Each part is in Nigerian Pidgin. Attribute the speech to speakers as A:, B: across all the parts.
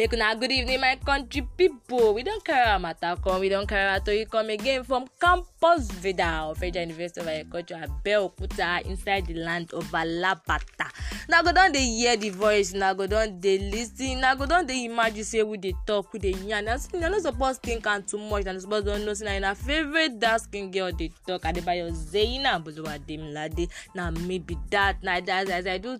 A: make una good evening my country people. we don carry our matter come we don carry our tori come again from campus vida of federal university of agriculture abeokuta inside the land of alabata una go don dey hear the voice una go don dey lis ten una go don dey imagine say we dey talk we dey yarn na so una no suppose think am too much na suppose don know say na una favourite dark skin girl dey talk adebayo zeyina bolowade mlade na me be dat na as i do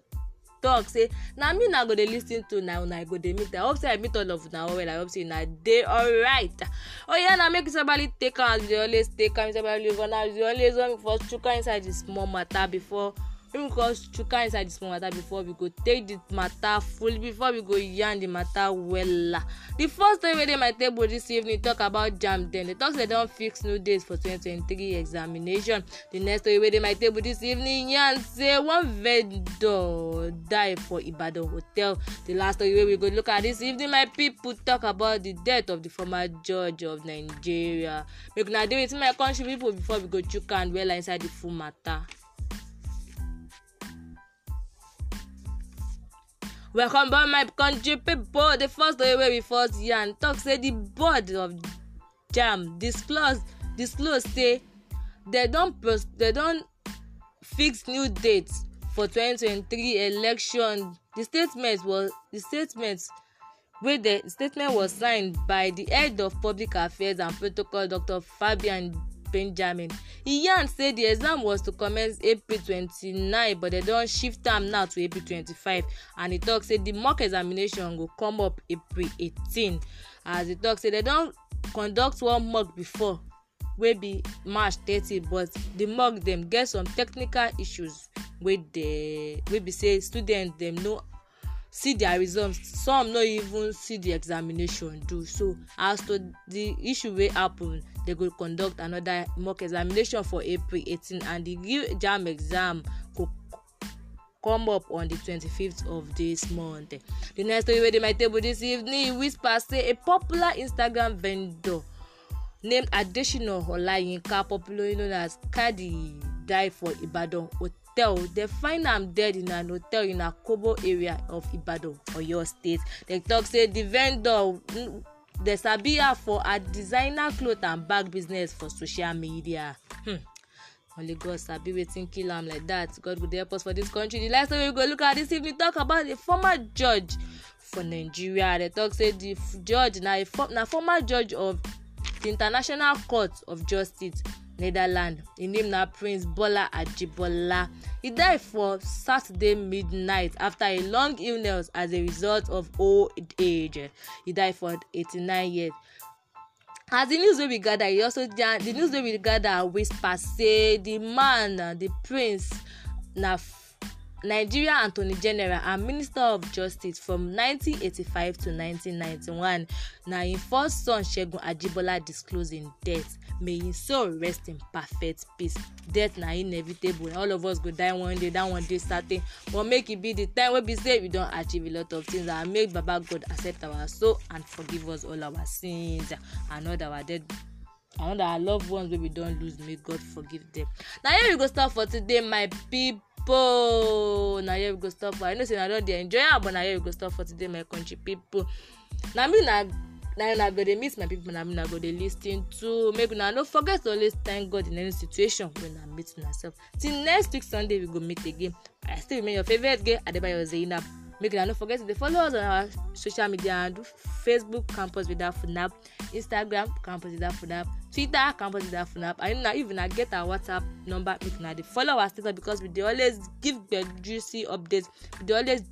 A: talk say na me una go dey lis ten to na una go dey meet i hope say i meet all of una well i hope say una dey alright Oh yeah, na make you sabali take am as you always take am you sabali run am you dey always run before chuka inside the small matter before him cause chuka inside this matter before we go take the matter fully before we go yarn the matter wella the first story wey dey my table this evening talk about jamb dem dey talk say dem don fix new dates for 2023 examination the next story wey dey my table this evening yarn say one vendor die for ibadan hotel the last story wey we go look at this evening my people talk about the death of the former judge of nigeria make una dey with my country people before we go chook hand wella inside the full matter. welcome back my country pipo di first story wey we first yarn tok say di board of jamb disclose disclose say dem don dem don fix new date for 2023 election di statement was di statement wey di statement was signed by di head of public affairs and protocol dr fabian benjamin e yarn say di exam was to commence april twenty-nine but dem don shift am now to april twenty-five and e tok say di mock examination go come up april eighteen as e tok say dem don conduct one mock before wey be march thirty but di mock dem get some technical issues wey dey wey be say students dem no see their results. some no even see the examination do so as to the issue wey happen they go conduct another mock examination for april 18 and the real jamb exam go come up on the 25th of this month the next story wey dey my table this evening e whisper say a popular instagram vendor named adesina olayinka popularly known as kadi die for ibadan hotel hotel dem find am dead in an hotel in akobo area of ibadan oyo state dem tok say di vendor dey sabi her for her designer cloth and bag business for social media. Hmm. only god sabi wetin kill am like that. god go dey help us for dis country The last time we go look at this evening talk about a former judge for nigeria dem talk say the judge na, a, na former judge of the international court of justice netherlands im name na prince bola ajibola e die for saturday midnight after a long illness as a result of old age e die for eighty-nine years as the news wey we gather e also the news wey we gather whisper say the man the prince na Nigeria Attorney General and Minister of Justice from 1985 to 1991. Na im first son Segun Ajibola disclose im death. May im soul rest in perfect peace. Death na inevitable. All of us go die one day. That one day certain. But make e be the time wey be say we don achieve a lot of things and make Baba God accept our soul and forgive us all our sins and all our dead and all our loved ones wey we don lose. May God forgive them. Na here we go Start for today, my people pipo na here we go stop for i know say na don dey enjoy am but na here we go stop for today my country people. na me na na una go dey miss my people. na me una go dey lis ten to make una no forget to always thank god in any situation wey una meet una sef till next week sunday we go meet again i still remain your favourite girl adebayo zainab Make it and don't forget to follow us on our social media and do Facebook Campus Without Funab, Instagram Campus Without Funab, Twitter Campus Without Funab, and now even I get our WhatsApp number. Make it now follow our status because we dey always give the juicy updates. We dey always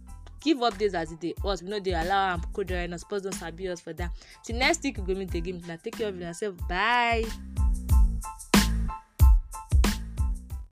A: give updates as e dey us we no dey allow am co join us plus don sabi us for that till next week we go meet again Na take care of yourself bye.